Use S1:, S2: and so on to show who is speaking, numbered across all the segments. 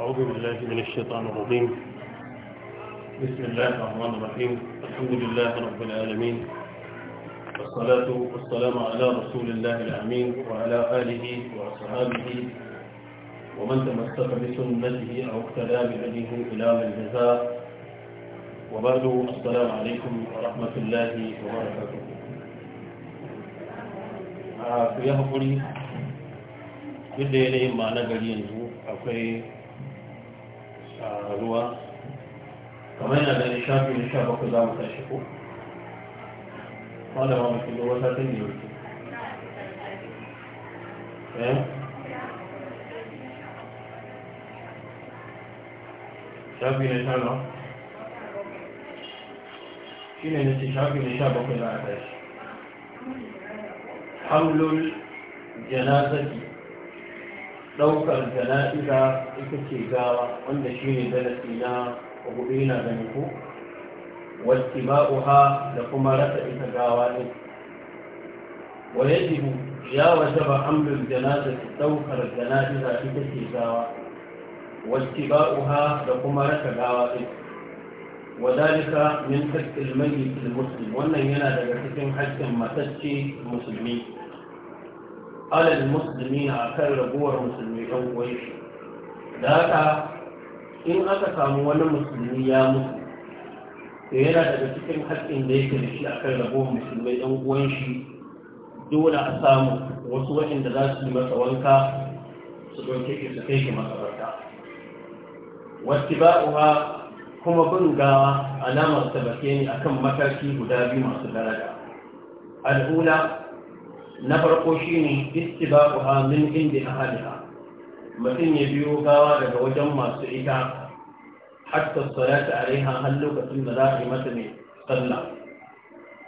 S1: أعوذ بالله من الشيطان الرجيم بسم الله الرحمن الرحيم الحمد لله رب العالمين والصلاة والسلام على رسول الله الأمين وعلى آله وصحابه ومن تمسك بسنته أو اقتدى بهديه إلى من جزاء وبعد السلام عليكم ورحمة الله وبركاته آه، في يهبري duk da yanayin ma na gari yanzu ruwa kamar yana da shafi na sha bakwai za mu tashi ko wanda ba mu shiga wata ta ne yau shafi na sha nawa shi ne na ce shafi na sha bakwai za a tashi hamlul janazati ɗaukar jana'iza ita ce gawa wanda shi ne darasi na hudu yana gani Wacce wasu ba'uha da kuma rasa ita gawa ne wa yajibu ya waje ba amlin jana'iza ɗaukar jana'iza ita ce gawa wasu ba'uha da kuma rasa gawa ne wadalika min haƙƙin mai musulmi wannan yana daga cikin haƙƙin matacce musulmi alal musulmi na akan raguwar musulmi ɗan uwanshi da haka in aka samu wani musulmi ya mutu to yana daga cikin haƙƙin da yake da shi akan raguwar musulmai uwan shi. dole a samu wasu da za su yi masa wanka
S2: su ɗauke shi su kai shi makabarta
S1: wasu ba'uwa kuma bin gawa alamar bake ne akan mataki guda biyu masu daraja al'ula na farko shi ne shine ha min indi ahliha mutum ya biyo gawa daga wajen masu ita hatta salatu alaiha har lokacin da za a yi mata mai sallah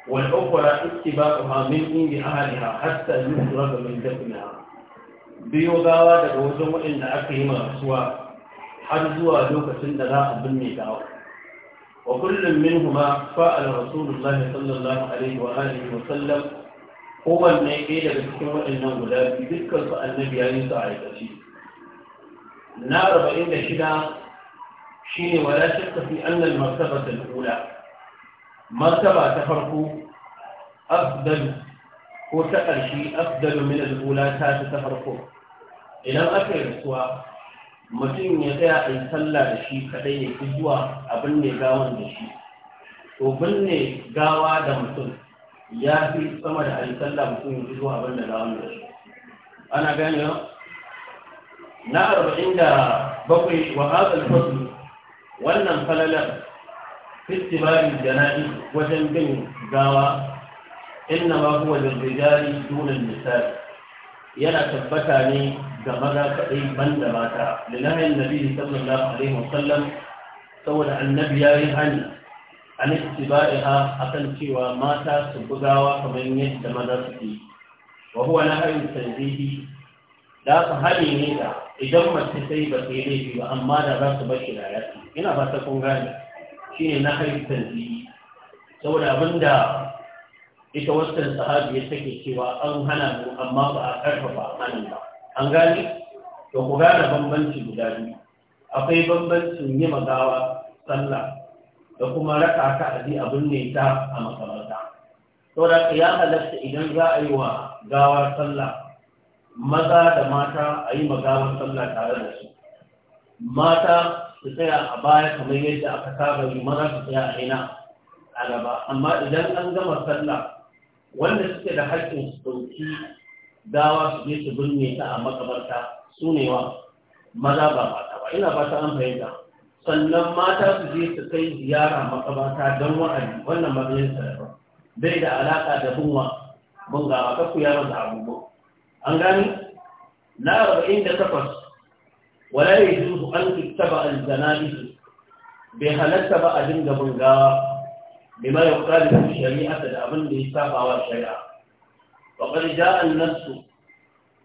S1: wal ukhra ha min indi ahliha hatta yusrafa min dafniha biyo gawa daga wajen waɗanda aka yi rasuwa har zuwa lokacin da za a binne gawa wa kullum minhuma fa'ala rasulullahi sallallahu alaihi wa alihi wa sallam kowanne ɗaya daga cikin waɗannan guda biyu dukkan su annabi ya yi su a aikace na arba'in da shida shine wala shakka fi annal martabata al martaba ta farko afdal ko ta ƙarshe afdal min al-ula ta ta farko idan aka yi rasuwa mutum ya tsaya a yi sallah da shi kaɗai ya fi zuwa abin ne gawan da shi to binne gawa da mutum ya fi sama da ayi sallah mutum ya zuwa abin da lawan da shi ana gane na arba'in da bakwai wa hadal fasl wannan falalar fitibari jana'i wajen bin gawa inna ma huwa lil rijali dun al nisa'i
S2: yana tabbata ne ga maza kaɗai
S1: ban da mata lillahi nabi sallallahu alaihi wasallam saboda annabi ya yi hani an ittiba'iha akan cewa mata su bugawa kamar yadda maza suke yi wa huwa nahayun tanzihi da su hali ne da idan mace sai ba sai laifi ba amma da za su bashi da yaki ina ba ta kun gane shine nahayun tanzihi saboda abinda ita wasan sahabiya take cewa an hana mu amma ba a karfafa hanin ba an gane to ku gane bambanci guda biyu akwai bambancin yi magawa sallah da kuma raka ta a abin ne ta a makabarta saboda ya halatta idan za a yi wa gawar sallah maza da mata a yi gawar sallah tare da su mata su tsaya a baya kamar yadda aka saba yi maza su tsaya a ina a gaba amma idan an gama sallah wanda suke da haƙƙin su ɗauki dawa su je su binne ta a makabarta su ne wa maza ba mata ba ina ba ta an fahimta sannan mata su je su kai ziyara makamata don wa'adi wannan mabiyan sarrafa bai da alaƙa da bunwa bungawa ta ku yaro da abubuwa an gani na arba'in da takwas wala ya yi zuhu an tuttaba aljanabi bai halatta ba a dinga bungawa bai ma ya kula da shari'a da abin da ya saba wa shari'a faƙar ja'an nasu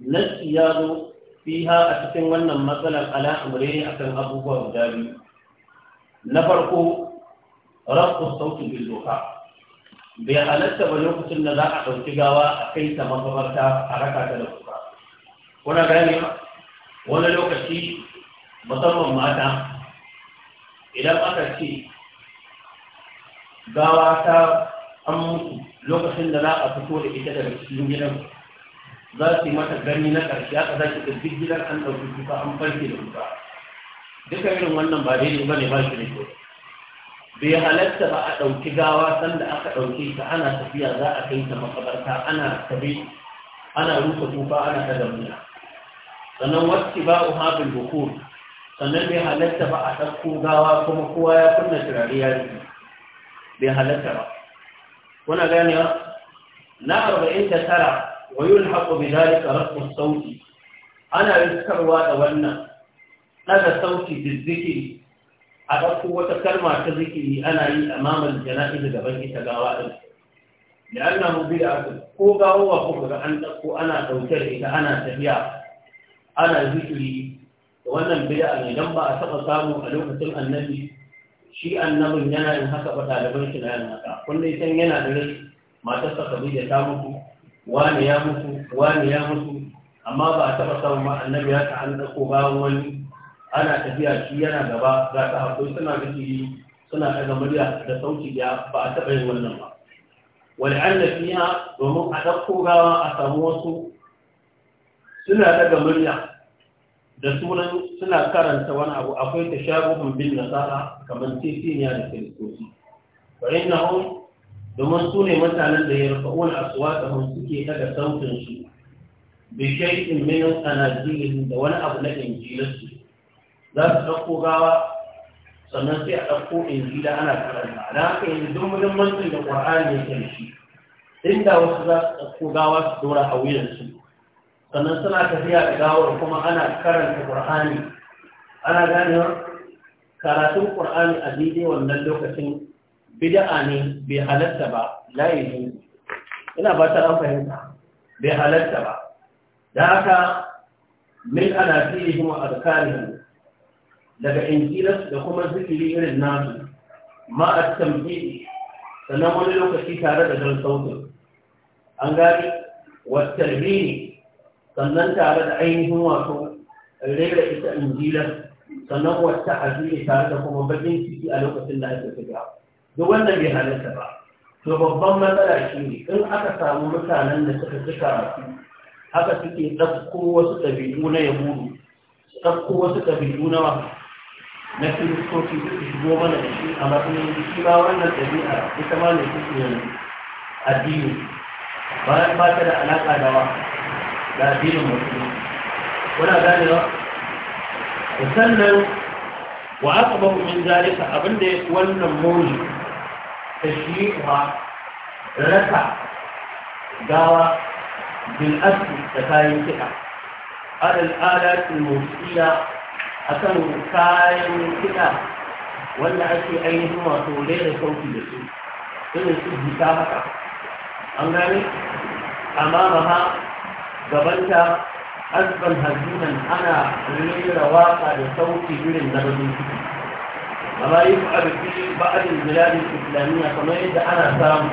S1: nasu ya zo fiha a cikin wannan matsalar ala amure akan abubuwa guda biyu na farko rafu sautin bil doka, bai halatta ba lokacin da za a ɗauki gawa a kai ta makabarta a raka ta da kuka kuna gane wani lokaci musamman mata idan aka ce gawa ta an mutu lokacin da za a fito da ita daga cikin gidan za su yi mata gani na ƙarshe aka za ki duk gidan an ɗauki kuka an farke da kuka duka irin wannan ba daidai ne ba shi ne ko bai halatta ba a ɗauki gawa sanda aka ɗauke ta ana tafiya za a kai ta makabarta ana tabi ana rufe tufa ana ɗaga muna sannan wasu ba uha bil bukur sannan bai halatta ba a ɗauko gawa kuma kowa ya kunna turare ya rufe bai halatta ba kuna ganewa na arba'in da tara wa yulhaqu bi dhalika rafu sauti ana riskarwa da wannan ɗaga sauti da zikiri a ɗauko wata kalma ta zikiri ana yi a jana'i da gaban ita gawa ɗin da an namu bi a ko gawowa ko ga an ɗauko ana ɗauke da ita ana tafiya ana zikiri da wannan bid'a a ba a taɓa samu a lokacin annabi shi annabin yana yin haka ba ɗaliban shi na yin haka kullum yana da rai matarsa da ta mutu wani ya mutu wani ya mutu amma ba a taɓa samu ma annabi ya ta an ɗauko bayan wani ana tafiya shi yana gaba za ta haƙo suna zikiri suna daga murya da sauki ya ba a taɓa yin wannan ba wani an da fiya domin a ɗauko gawa a samu wasu suna daga murya da sunan suna karanta wani abu akwai ta rufin bin nasara kamar titiniya da kiristoci ba na hau domin su ne mutanen da ya rufa wani asuwa da suke daga sautin su bishai in minin jirgin da wani abu na injilarsu za su ɗauko gawa sannan sai a ɗauko da ana karanta da haka yanzu muhimmancin da ƙwar'ani ya kai shi inda wasu za su ɗauko gawa su dora a wuyansu sannan suna tafiya da gawar kuma ana karanta ƙwar'ani ana ganewa karatun ƙwar'ani a daidai wannan lokacin bida'a ne bai halatta ba layi ne ina ba ta fahimta bai halatta ba da haka min ana fiye kuma a daga injilas da kuma zikiri irin nasu ma a tambi sannan wani lokaci tare da zan sautin an gani wattar ne sannan tare da ainihin wato rera ita injilar sannan wata azumi tare da kuma bakin ciki a lokacin da ake tafiya duk wannan bai halarta ba to babban matsala shi ne in aka samu mutanen da suka ci karatu haka suke ɗauko wasu ɗabi'u na yahudu ɗauko wasu ɗabi'u na نفس الصوت يشبه ما نشى أما في الشيبة وين الدنيا إتمال الدنيا الدين ما ما ترى علاقة دوا لا دين مسلم ولا دليل وسلم وعقبه من ذلك أبدا والنموذج تشيئها رفع دوا بالأسف تكاين تكا على الآلات الموسيقية akan kayan kiɗa wanda ake ainihin wato rera sauti da su irin su jita haka an gane amma ba ha gabanta azban hazinan ana rera waka da sauti irin na rabin ciki amma yi ku arziki ba'adin biladin islamiyya kamar yadda ana samu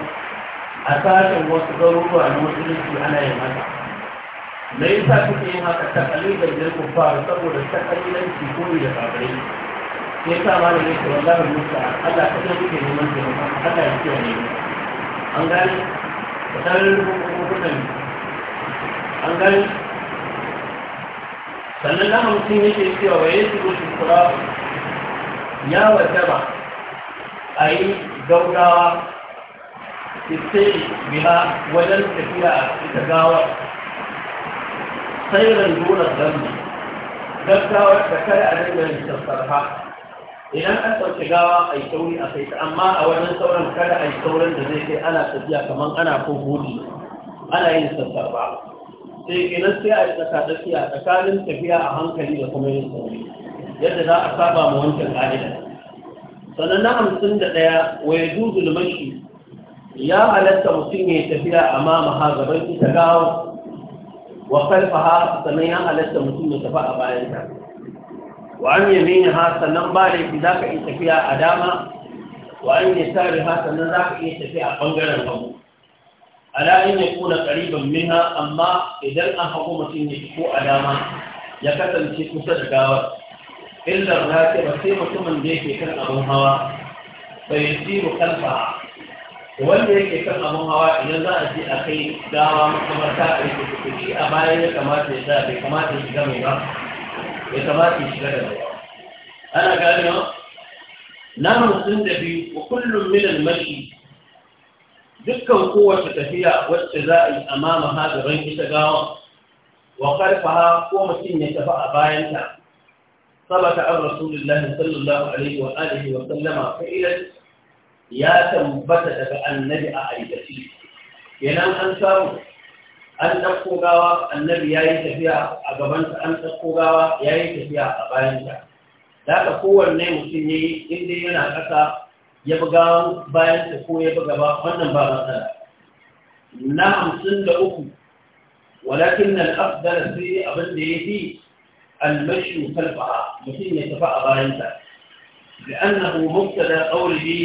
S1: a sashen wasu garuruwa na musulunci ana yin haka me yasa kuke yin haka ta kalilan da ku fara saboda ta kalilan ki koyi da kafirai ne yasa malami ke wallahi musa Allah ta kuke neman ki Allah ya kiyaye ni an gani kadar hukunan an gani sannan na hamsin yake cewa wa yesu ko shi kura ya wajaba a yi gaugawa ki sai biya wajen tafiya ita gawar خيرا دون الذنب gaggawa da kada a dinga da sassarfa idan an ɗauki gawa a yi tauri a kai amma a wajen sauran kada a yi sauran da zai kai ana tafiya kamar ana ko hudi ana yin sassarfa sai kenan sai a yi tsakadakiya tsakanin tafiya a hankali da kuma yin sauri yadda za a saba ma wancan ƙa'ida sannan na hamsin da ɗaya wai duzul mashi ya halatta mutum ya tafiya a mamaha gaban ita gawa wa khalfaha sannan ya halatta mutum ya tafi a bayan ta wa an yamini sannan ba da zaka iya tafiya a dama wa an yasari sannan zaka iya tafiya a ɓangaren hagu ala an yakuna qariban minha amma idan an hagu mutum ya ko a dama ya kasance kusa da gawar illa rakiba sai mutumin da yake kan abin hawa bai yi kalfa wanda yake kan abin hawa idan za a je a kai gawa makamarta a yi kuɗi a baya ya kamata ya sa bai kamata ya shiga mai ba ya kamata ya shiga da mai ana gane ma. na hamsin da biyu wa kullum minan mashi dukkan kowace tafiya wacce za a yi amama hadarin ita gawa wa karfaha ko mutum ya tafi a bayanta sabata an rasulullahi sallallahu alaihi wa alihi wa sallama fa'ilan ya tambata daga annabi a aikaci kenan an samu an ɗauko gawa annabi ya yi tafiya a gabanta an ɗauko gawa ya yi tafiya a bayanta da kowanne mutum ya yi inda yana ƙasa ya bi gawan bayanta ko ya bi gaba wannan ba matsala na hamsin da uku walakin nan afdala sai abin da ya fi almashi kalfaha mutum ya tafi a bayanta لأنه مبتدا قوله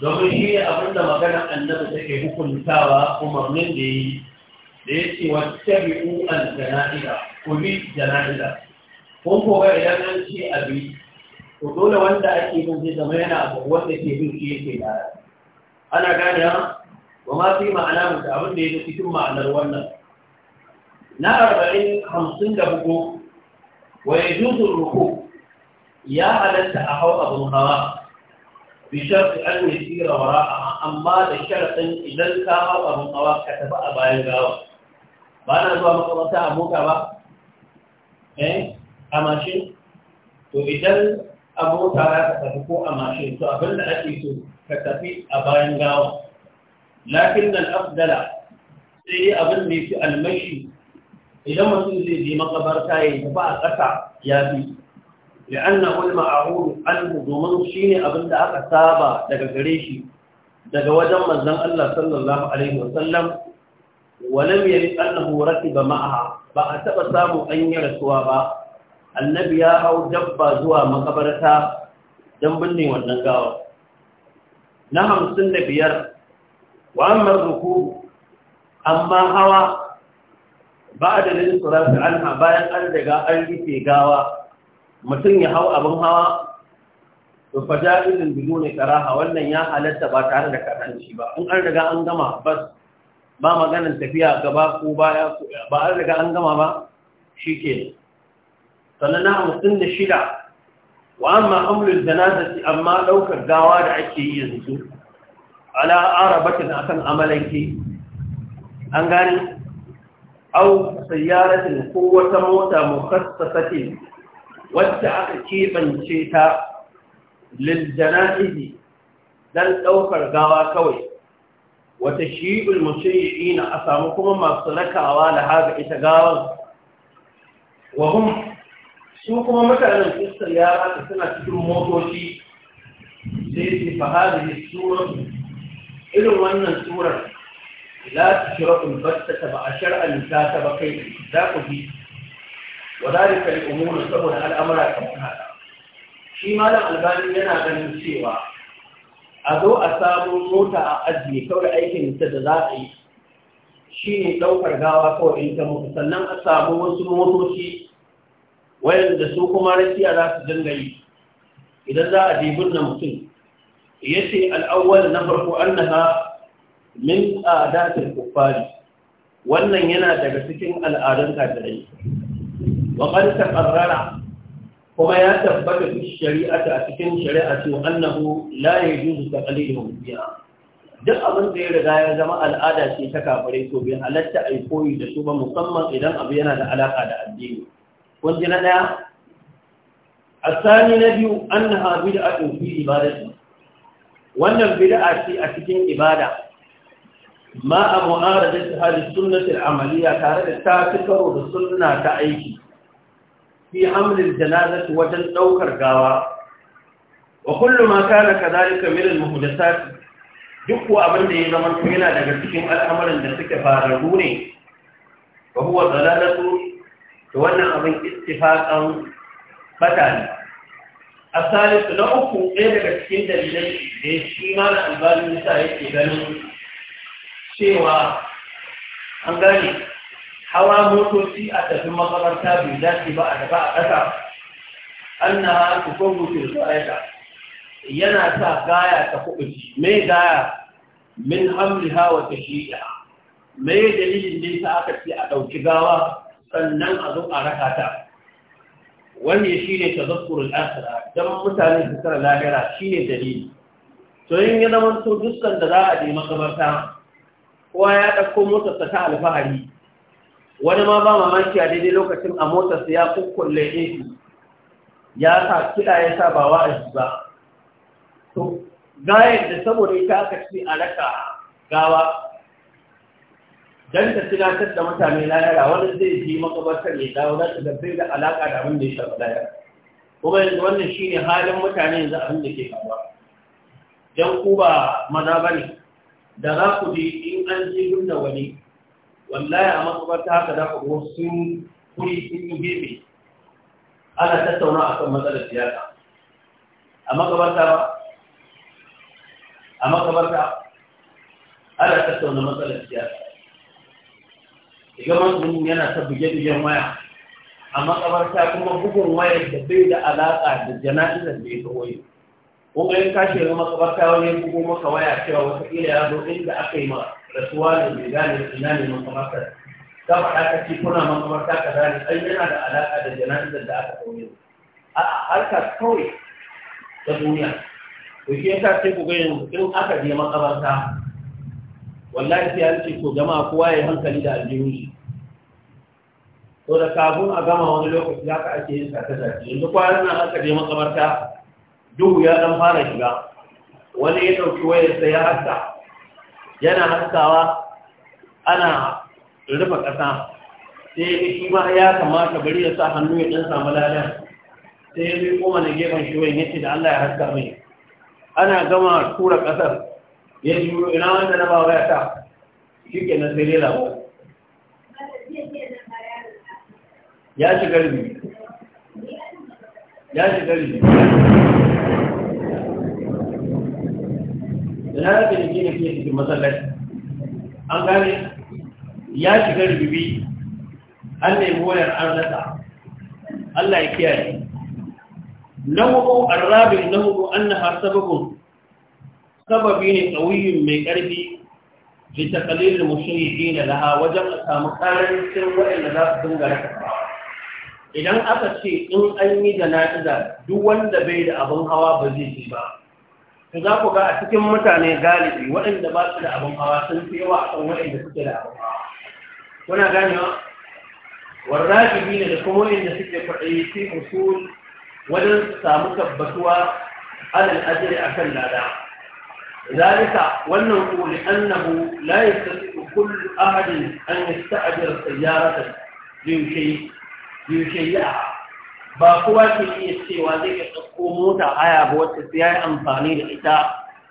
S1: domin shi ne abin da maganar annabi take hukuntawa umarnin da yi da ya ce wa tabi'u al jana'ida ku bi jana'ida kun koga idan an ce abi to dole wanda ake bin zai zama yana abu wanda ke bin shi yake da ana gane ba ma fi ma'ana da abin da ya cikin ma'anar wannan na arba'in hamsin da bugu wa ya juzun ruku ya halatta a hau abin hawa bishar an yi tsira amma da sharaɗin idan ka hau abin hawa ka tafi a bayan gawa ba na zuwa makamata a mota ba a mashin to idan a mota ya ka ko a mashin to abin da ake ka tafi a bayan gawa lakin sai abin almashi idan mutum zai je makabarta ya tafi a ƙasa ya fi لأنه المعروف عنه دومن شيني أبن دا أكا سابا دقا قريشي دقا وجم مزن الله صلى الله عليه وسلم ولم يرد أنه ركب معها بأتب سامو أن يرسوا با النبي يا أو جبا زوا مقبرتا جنبني والنقاوة نهم سن بير وأما الركوب أما هوا بعد الانصراف عنها باين أن دقا ألقي في قاوة mutum ya hau abin hawa Rufa fa ja'ilun biduni karaha wannan ya halatta ba tare da karanci ba in an riga an gama bas ba maganin tafiya gaba ko baya ba an riga an gama ba Shi shikenan sannan na hamsin da shida wa amma amlul janazati amma ɗaukar gawa da ake yi yanzu ala arabatin akan amalanki an gani au sayyaratin ko wata mota mukassasatin wacce aka keɓance ta liljana'izi don ɗaukar gawa kawai wata shi'ul mushayi'ina a samu kuma masu rakawa da haka ita gawan wahum su kuma mutanen kristal yara da suna cikin motoci sai su fahari da surar irin wannan surar za su shirafin basta ta ba a shar'anta ta ba kai za ku bi wa zalika li saboda al'amura kamar haka shi malam albani yana ganin cewa a zo a samu mota a ajiye kawai aikin ta da za a yi shi ne ɗaukar gawa kawai in ta mutu sannan a samu wasu motoci wayanda su kuma rakiya za su dinga yi idan za a dibin na mutum ya ce al'awwal na farko annaha min tsadatul kuffari wannan yana daga cikin al'adun kafirai wa qad taqarrara kuma ya tabbata fi shari'ata a cikin shari'a cewa annahu la yajuzu taqliduhum biha duk abin da ya riga ya zama al'ada ce ta kafirai to bai halatta ai koyi da su ba musamman idan abu yana da alaka da addini kun ji na ɗaya? A Sani na الثاني نبي أنها بدعة في su. wannan bid'a ce a cikin ibada ma a mu'arada ta hadis sunnati al-amaliya tare da ta fi karo da sunna ta aiki fi hamlin janazati wajen ɗaukar gawa wa kullum ma kana kadhalika min al-muhdathat duk wa abin da ya zama yana daga cikin al'amuran da suke fararru ne wa huwa dalalatu to wannan abin ittifaqan bata ne asali na uku ɗaya daga cikin dalilai da shi ma na albani yasa yake ganin cewa an gane hawa motoci a tafi makaranta bai dace ba a dafa a ƙasa annaha tukawwifil ghayata yana sa gaya ta kuɓuci me gaya min ta shi ya. me dalilin da ta aka ce a ɗauki gawa sannan a zo a raka ta ne ta tazakkurul akhirah don mutane su tsara lahira shine dalili to in ya zama dukkan da za a je makabarta kowa ya dauko motarsa ta alfahari wani ma ba mamaki a daidai lokacin a motarsa ya kukkulle shi ya sa kiɗa ya sa ba wa'azi ba to gayar da saboda ita aka ce a raka gawa don ta tunatar da mutane layara wani zai ji makabartar ya dawo za ta gabbai da alaƙa da abin da ya shafi daya kuma yanzu wannan shi ne halin mutane yanzu abin da ke kawo don ku ba maza ba ne da za ku ji in an ji gunda wani wallahi a makabarta haka da kuma sun kuri sun yi gefe ana tattauna a kan matsalar siyasa a makabarta ba a makabarta ana tattauna matsalar siyasa igamar sun yana ta buge-bugen waya a makabarta kuma bugun wayar da bai da alaƙa da jana'izar da ya kawai kuma in ka shiga makabarta wani ya bugo ka waya cewa wataƙila ya zo inda aka yi ma rasuwa da bai gane ina ne makabartar ka faɗa ka ce kuna makabarta ka gane ai yana da alaƙa da jana'izar da aka ɗauke a harka kawai ta duniya to shi yasa sai ku ga yanzu in aka je makabarta wallahi sai an ce ko jama'a kowa ya hankali da aljihun shi to da kafin a gama wani lokaci haka ake yin ta sata yanzu kwanan nan aka je makabarta duhu ya dan fara shiga wani ya ɗauki sai ya haska yana haskawa ana rufe ƙasa sai ya shi ma ya kamata bari ya sa hannu ya ɗan samu ladan sai ya zai koma na gefen shi wani yace da Allah ya haska mai ana gama tura ƙasar ya ji ina wanda na bawa ya ta shi ke nan sai dai labar ya shi garbi ya shi garbi na raka da gina ke cikin matsalar. an gane ya shiga rububi an nemi wayar an rasa Allah ya kiyaye nawo arabin nawo annaha sababun sababi ne tsawiyin mai ƙarfi fi taqlilil mushrikin laha wajen a samu karancin wayanda za su dinga raka idan aka ce in an yi jana'iza duk wanda bai da abin hawa ba zai ci ba Ka za ku ga a cikin mutane galibi waɗanda ba su da abin hawa sun fi yawa akan kan waɗanda suke da abin hawa kuna ganewa warrajibi ne da kuma waɗanda suke kwaɗayi fi usul wajen su samu tabbatuwa alal ajiri akan lada zalika wannan ku li annahu la yastati'u kullu ahadin an yasta'jira sayyaratan li yushayyi'aha ba kowa ke iya cewa zai ya tsakko mota haya ba wacce sai ya yi amfani da ita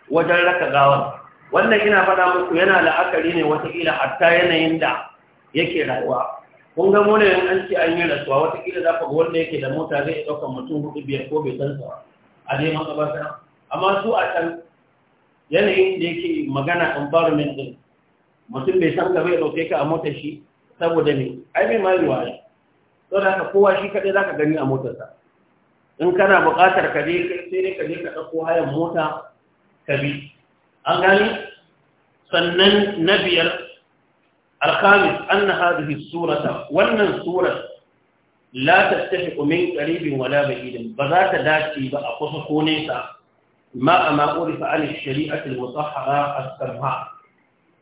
S1: wajen raka gawar wannan ina faɗa muku yana la'akari ne watakila hatta yanayin da yake rayuwa kun ga mona yin an ce an yi rasuwa watakila za ka ga wanda yake da mota zai iya ɗaukar mutum hudu biyar ko bai san sawa a dai makabata amma su a can yanayin da yake magana environment din mutum bai san ka bai ɗauke ka a mota shi saboda ne ai bai ma yi sau da kowa shi kaɗai za ka gani a motarsa in kana buƙatar ka je sai ka je ka ɗauko hayan mota ka bi an gani sannan na biyar alkhamis anna hadhihi surata wannan surar la tattafiqu min qaribin wala ba'idin ba za ta dace ba a kusa ko nesa ما ما عرف عن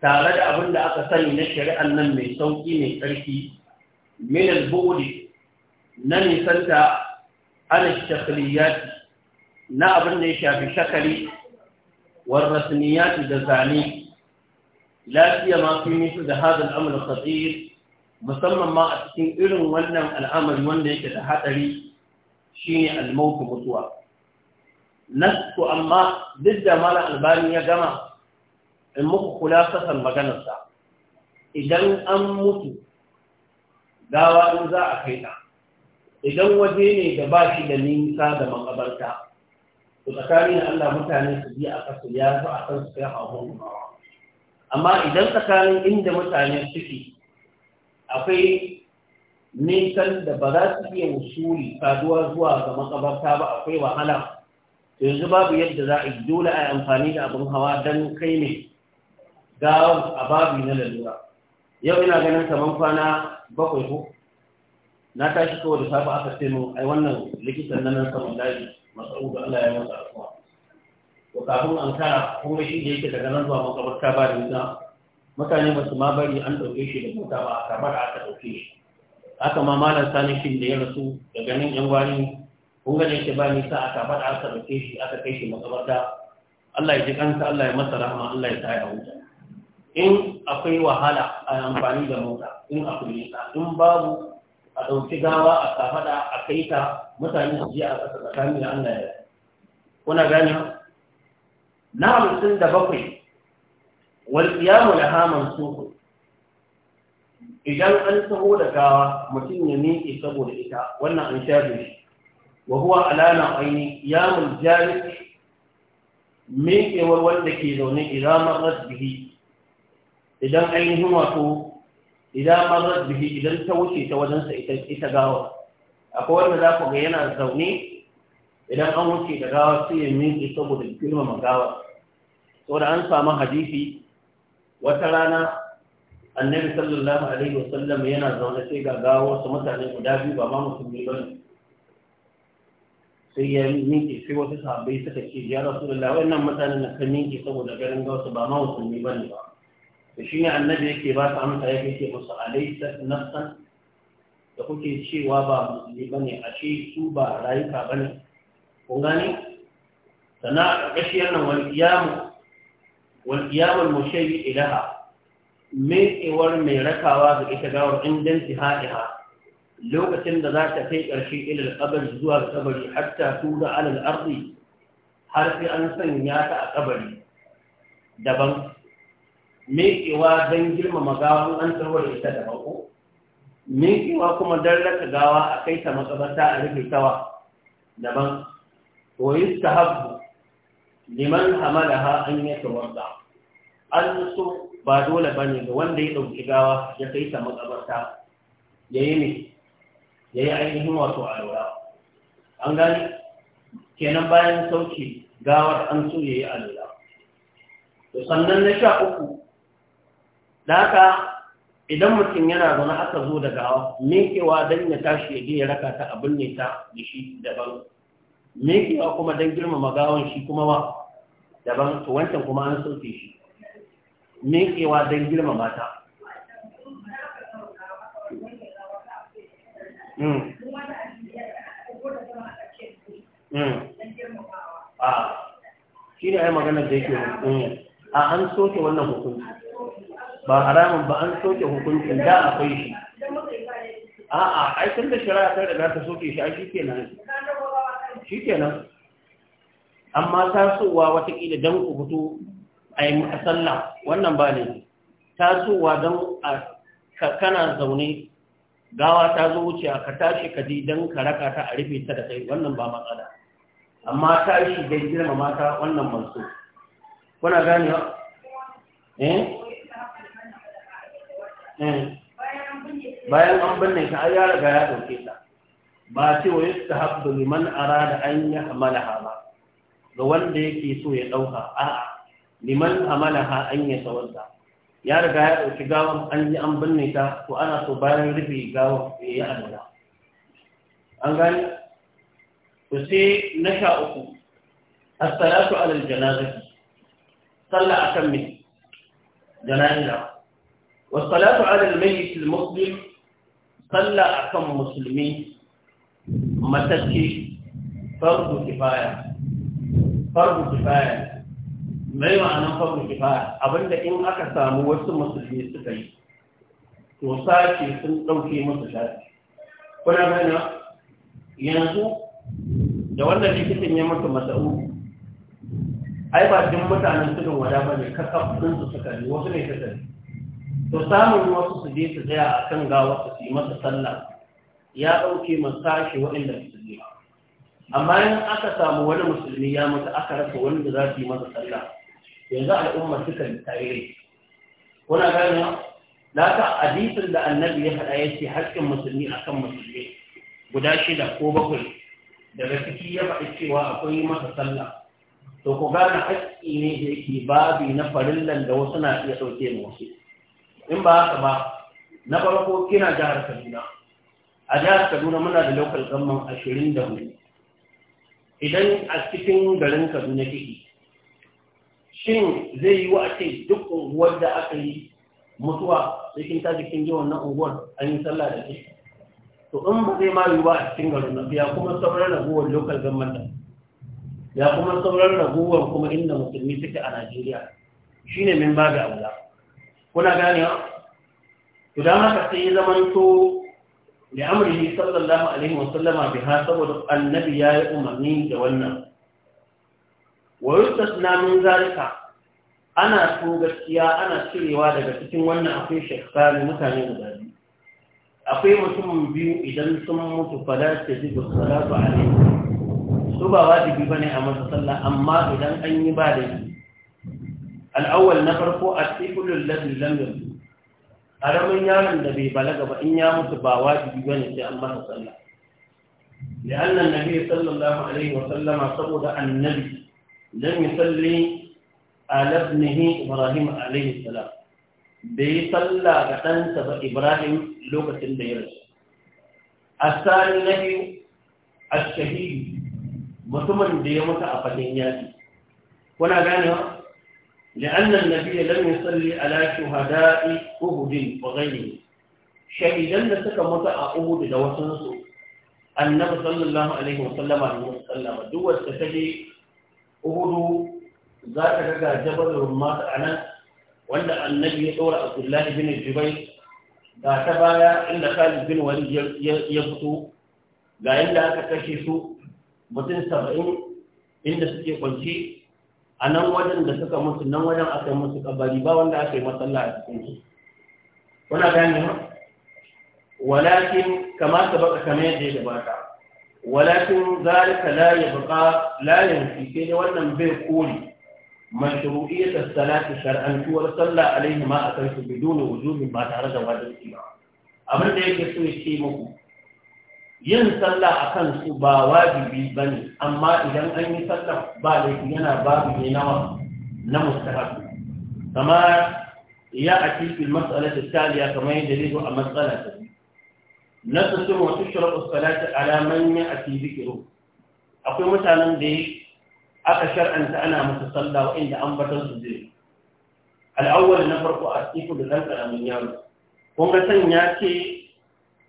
S1: Tare da abin da aka sani na shari'ar nan mai sauƙi mai تركي min al na nisanta an shakhliyat na abin da ya shafi shakali war rasmiyat da zani la siyama fi mithl da hada al-amr musamman ma a cikin irin wannan al'amari wanda yake da hadari shine al-maut mutuwa nasu amma duk da mala albani ya gama in muku kula kasan maganarsa idan an mutu gawa in za a kai ta idan waje ne da ba shi da nisa da makabarta to tsakanin Allah mutane su ji a kasu ya fi a kan su kai hawon amma idan tsakanin inda mutane suke akwai nisan da ba za su iya wusuli saduwa zuwa ga makabarta ba akwai wahala yanzu babu yadda za a yi dole a yi amfani da abin hawa don kai ne gawar a babu na lalura yau ina ganin kaman kwana bakwai ko na tashi kawai da safa aka ce mu ai wannan likitan nan saman daji Masu da Allah ya masa alƙawa to kafin an kara kun ga shi da yake daga nan zuwa makabarta ba da wuta mutane ba su ma bari an ɗauke shi da mota ba a kamar aka ɗauke shi aka ma malam sani shi da ya rasu da ganin yan wani kun ga yake ba ni sa aka faɗa aka ɗauke shi aka kai shi makabarta Allah ya ji kansa Allah ya masa rahama Allah ya sa ya huta in akwai wahala a amfani da mota in akwai nisa in babu a ɗauki gawa a kafaɗa a kai ta mutane su je a ƙasa tsakanin da Allah ya kuna gani na hamsin da bakwai wal qiyamu haman suku idan an taho da gawa mutum ya miƙe saboda ita wannan an shafe shi wa huwa alana aini ya mun jari miƙewar wanda ke zaune idan marrat bihi idan ainihin wato idan marar bihi idan ta wuce ta wajensa ita gawar akwai wanda za ku ga yana zaune idan an wuce da gawar sai ya miƙe saboda girmama gawar saboda an samu hadisi wata rana annabi sallallahu alaihi wasallam yana zaune sai ga gawar su mutane guda biyu ba ma musulmi ba sai ya miƙe sai wasu sahabbai suka ce ya rasulullahi wannan mutanen na kan miƙe saboda garin gawar su ba ma musulmi ba ne ba da shi ne annabi yake ba su amsa yake ce musu alaisa nafsan da kuke cewa ba musulmi ba ne ashe su ba rayuka ba ne kun gane sana a ƙarƙashiyar nan walƙiyamu walƙiyamar mushayi ilaha metsewar mai rakawa ga ita gawar indanci ha'iha lokacin da za ta kai ƙarshe ilil ƙabari zuwa ga ƙabari hatta tura alal arzi har sai an sanya ta a kabari daban mekewa don girmama gawar an tarwar ita da bako mekewa kuma don raka gawa a kai ta makabarta a rufe tawa daban koyi ta habbu liman hamalaha an yi tawarda an so ba dole ba ne ga wanda ya ɗauki gawa ya kai ta makabarta ya yi ne ya yi ainihin wato lura an gani kenan bayan sauki gawar an so ya yi a lura sannan na sha uku da haka idan mutum yana zaune aka zo da gawa mekewa don ya tashi ya biya raka ta abin ne ta da shi daban mekewa kuma don girmama gawan shi kuma wa daban to wancan kuma an sauke shi mekewa don girmama ta hmm. hmm. a ah. shi ne yi magana da yake hmm. a ah, an soke wannan hukunci ba haramun ba an soke hukuncin da akwai shi a'a ai tun da shari'a ta riga ta soke shi ai ke nan amma tasowa watakila don ku fito a yi sallah wannan ba ne tasowa don a kana zaune gawa ta zo wuce ka tashi ka ji don ka raka ta a rufe ta da kai wannan ba matsala amma ta shi don girma mata wannan masu kuna gane eh Eh. bayan an binne ta an ya riga ya ɗauke ta ba ce wa yadda haɓu liman ara da an yi hamalaha ba ga wanda yake so ya ɗauka a liman ha an yi sawarta ya riga ya ɗauki gawan an yi an binne ta to ana so bayan rufe gawan ya yi alwala an gani to sai na sha uku as-salatu ala al-janazati sallah akan me janaza والصلاة على الميت المسلم صلى akan مسلمين متكي فرض كفاية فرض كفاية mai ma'anan farko kifaya abinda in aka samu wasu musulmi suka yi to sun ɗauke musu kuna gana yanzu da wannan likitin ya mutu masau ai ba jin mutanen tudun wada ba ne kakaf ɗinsu suka ne wasu ne suka ne to samun wasu su je su tsaya a kan gawa su yi masa sallah ya ɗauke masa shi waɗanda su je amma in aka samu wani musulmi ya mutu aka rasa wanda za su yi masa sallah yanzu al'umma suka tare kuna gane da haka hadisin da annabi ya faɗa ya ce haƙƙin musulmi akan musulmi guda shida ko bakwai daga ciki ya faɗi cewa akwai masa sallah to ku gane haƙƙi ne da yake babi na farillan da wasu na iya ɗauke mu wasu in ba haka ba na farko kina jihar kaduna a jihar kaduna muna da local government ashirin da hudu idan a cikin garin kaduna kiki shin zai yi wa a ce duk unguwar da aka yi mutuwa sai kin tashi kin ji wannan unguwar an yi sallah da shi to in ba zai ma yi ba a cikin garin nan ya kuma sauran raguwar local da ya kuma sauran raguwar kuma inda musulmi suke a Najeriya shine min ba da wula kuna ganewa to dan haka sai ya zamanto da amrihi sallallahu alaihi wasallama biha saboda annabi ya yi umarni da wannan wa yustasna min zalika ana so gaskiya ana cirewa daga cikin wannan akwai shekhari mutane da biyu akwai mutum biyu idan sun mutu fala ta ji salatu alaihi su ba wajibi bane a masa sallah amma idan an yi ba da yi al'awwal na farko a tsikulun ladin lamin ƙaramin yaron da bai balaga ba in ya mutu ba wajibi ba ne sai an masa sallah لأن النبي صلى الله عليه وسلم صبر النبي لم يصلي على ابنه إبراهيم عليه السلام bai yi salla ga ɗansa ba Ibrahim lokacin da ya rasu. A sani na biyu, a shahidi, mutumin da ya mutu a fagen yaƙi. Kuna ganewa? لأن النبي لم يصلي على شهداء أهد وغيره شهيدا لسك متى أهد دوسنسو النبي صلى الله عليه وسلم عليه وسلم دول تتجي أهد ذات رجع جبل رمات أنا وأن النبي يقول عبد الله بن الجبير ga ta baya inda Khalid bin Walid ya fito ga inda aka kashe su mutum saba'in inda suke kwanci a nan wajen da suka mutu nan wajen aka yi musu kabari ba wanda aka yi matsala a cikin su kuna gane ma walakin kama ta baka kame da ya gabata walakin zalika la ya baka layin yanfi sai dai wannan bai kore mashru'iyyat as-salati shar'an tuwar sallah alaihi ma akan su biduni wujubi ba tare da wajibi ba abin da yake so ya ce muku yin sallah a kan su ba wajibi ba ne amma idan an yi sallah ba laifi yana babu ne nawa na mustahabu kama ya a cikin matsalar da taliya kamar yadda zai a matsala ta na sassun wata shirar salata alaman a cikin akwai mutanen da aka shar'anta ana musu sallah wa'inda an batar su zai al'awwal na farko a cikin da ɗan ƙaramin yaro kun ga sanya ce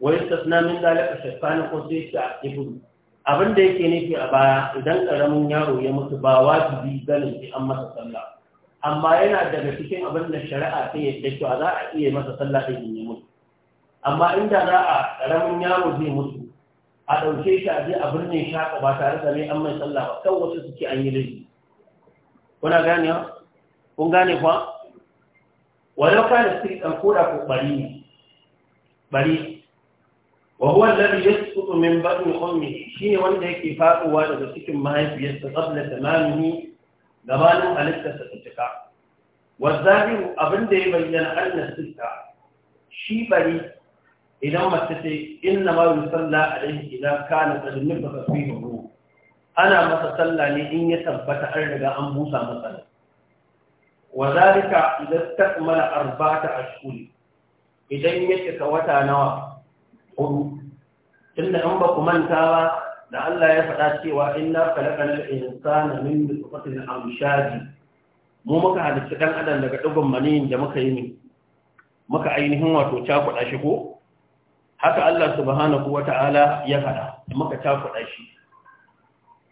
S1: ويستثنى من ذلك الشيطان قصيش الطفل abin da yake nufi a baya idan ƙaramin yaro ya mutu ba bi ganin shi an masa sallah amma yana daga cikin abin da shari'a ta yadda cewa za a iya masa sallah da yin mutu amma inda za a ƙaramin yaro zai mutu a ɗauke shi a je a birnin shaƙa ba tare da ne an mai sallah ba kan wasu suke an yi laifi kuna gane kun gane kuwa Wani kwanaki ɗan koda ko bari bari وهو الذي يسقط من بطن امه شيء wanda yake faduwa daga cikin mahaifiyarsa qabla tamamihi gabanin halittarsa ta cika wazahiru abin da ya bayyana anna sitta shi bari idan mace ce inna ma yusalla alaihi idan kana qad nifaka fihi ruh ana masa sallah ne in ya tabbata an riga an busa masa wazalika idan takmala arba'ata ashhur idan ya cika wata nawa hudu tunda an ba ku mantawa da Allah ya faɗa cewa inna khalaqal insana min nutfatin amshaji mu muka halitta dan adam daga dubban maniyin da muka yi muka ainihin wato cakuɗa shi ko haka Allah subhanahu wata'ala ya faɗa muka cakuɗa shi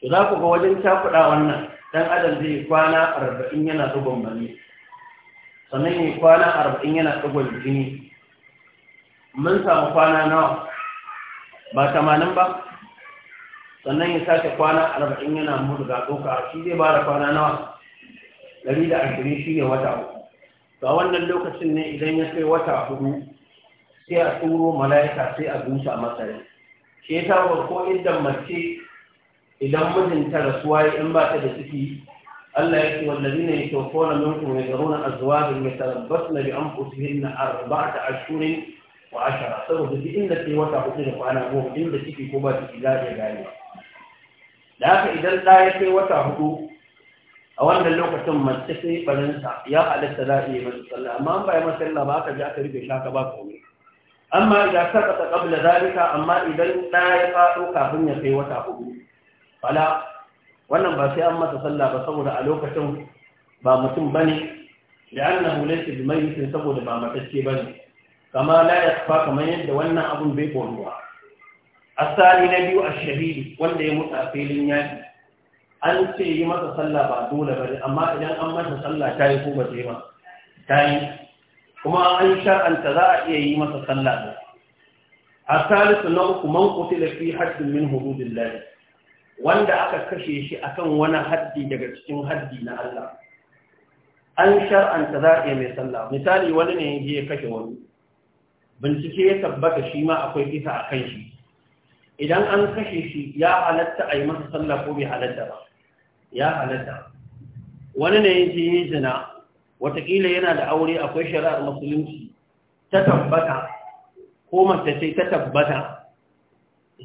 S1: to za ku ga wajen cakuɗa wannan dan adam zai kwana 40 yana dubban maniyi sannan ya kwana 40 yana dubban jini mun samu kwana nawa ba tamanin ba sannan ya sake kwana arba'in yana ga ɗauka shi zai ba da kwana nawa ɗari da ashirin shi ne wata uku Ga wannan lokacin ne idan ya kai wata hudu sai a tsoro mala'ika sai a busa masa rai shi ya sa ko idan mace idan mijinta rasuwa ya in ba ta da ciki Allah ya ce wallazi ne yake kona minkum ya garuna azwajin ya tarabbasna bi anfusihinna arba'ata ashhurin wa ashara saboda duk inda sai wata hudu da kwana goma inda ciki ko ba ciki za ya gane da haka idan ɗa ya kai wata hudu a wannan lokacin mace sai barinsa ya halatta za a yi masa sallah amma an bai masa sallah ba aka ji aka rufe shaka aka ba komai amma idan sarƙata ƙabla zalika amma idan ɗaya ya faɗo kafin ya kai wata hudu fala wannan ba sai an masa sallah ba saboda a lokacin ba mutum bane da annahu laysa bi mayyitin saboda ba matacce bane kama la kamar yadda wannan abun bai A asali na biyu a shahidi wanda ya mutu a filin yaki an ce yi masa sallah ba dole ba amma idan an masa sallah ta yi ko ba ta yi ba ta yi kuma an shar'anta za a iya yi masa sallah da asalisu na uku man qutila fi haddin min hududillah wanda aka kashe shi akan wani haddi daga cikin haddi na Allah an shar'anta za a iya mai sallah misali wani ne ya kashe wani bincike ya tabbata shi ma akwai kisa a kan shi idan an kashe shi ya halatta a yi masa sallah ko bai halatta ba ya halatta wani ne yace yi zina watakila yana da aure akwai shari'ar musulunci ta tabbata ko mace ce ta tabbata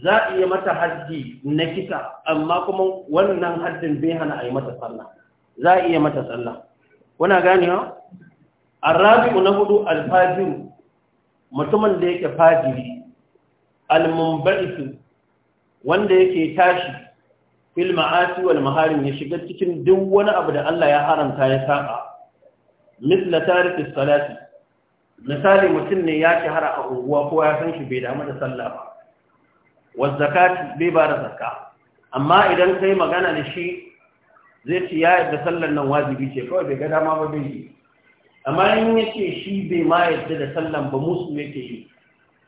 S1: za a iya mata haddi na kisa amma kuma wannan haddin bai hana a yi mata sallah za a iya mata sallah kuna ganewa arabi'u na hudu alfajiru mutumin da yake fajiri al-munbaitu wanda yake tashi fil ma'ati wal maharim ya shiga cikin duk wani abu da Allah ya haramta ya saba misla tarikis salati misali mutum ne ya hara a unguwa ko ya san shi bai damu da sallah ba wa zakati bai ba da zakka amma idan kai magana da shi zai ci ya da sallar nan wajibi ce kawai bai ga dama ba bai amma in yace shi bai ma yadda da sallan ba musu yake yi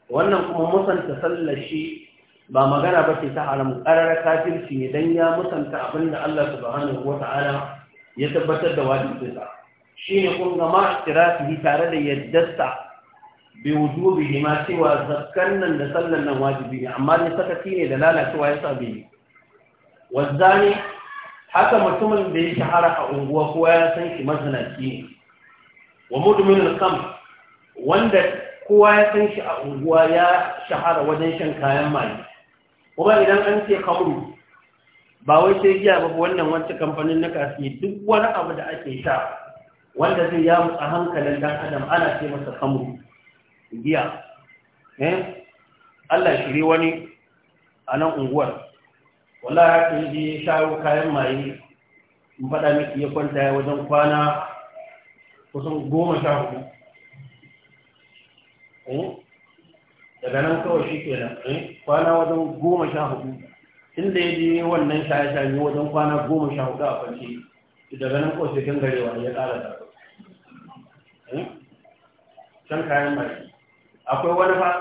S1: wannan kuma musanta sallar shi ba magana ba ce ta haram ƙarar kafirci ne dan ya musanta abin da Allah subhanahu wata'ala ya tabbatar da wajibinsa shi ne kun ga ma'asirafihi tare da yaddarsa bi ne ma cewa zakkan nan da sallan nan wajibi ne amma ne sakaci ne da lalacewa ya sa ne wazzani haka mutumin da ya shahara a unguwa kowa ya san shi mazinaci ne wa al kam wanda kowa ya san shi a unguwa ya shahara wajen shan kayan maye kuma idan an ce kamru ba wai sai giya ba wannan wancan kamfanin na kasi duk wani abu da ake sha wanda zai ya musa hankalin dan adam ana ce masa kamru giya eh Allah shiri wani a nan unguwar wallahi ya ji shawo kayan maye in faɗa miki ya kwanta wajen kwana kusan goma sha hudu eh? daga nan kawai shi ke nan eh? kwana wajen goma sha hudu inda ya je wannan shaye-shaye wajen kwana goma sha hudu a kwanci daga nan kawai sai garewa ya ƙara da eh? can kayan mai akwai wani fa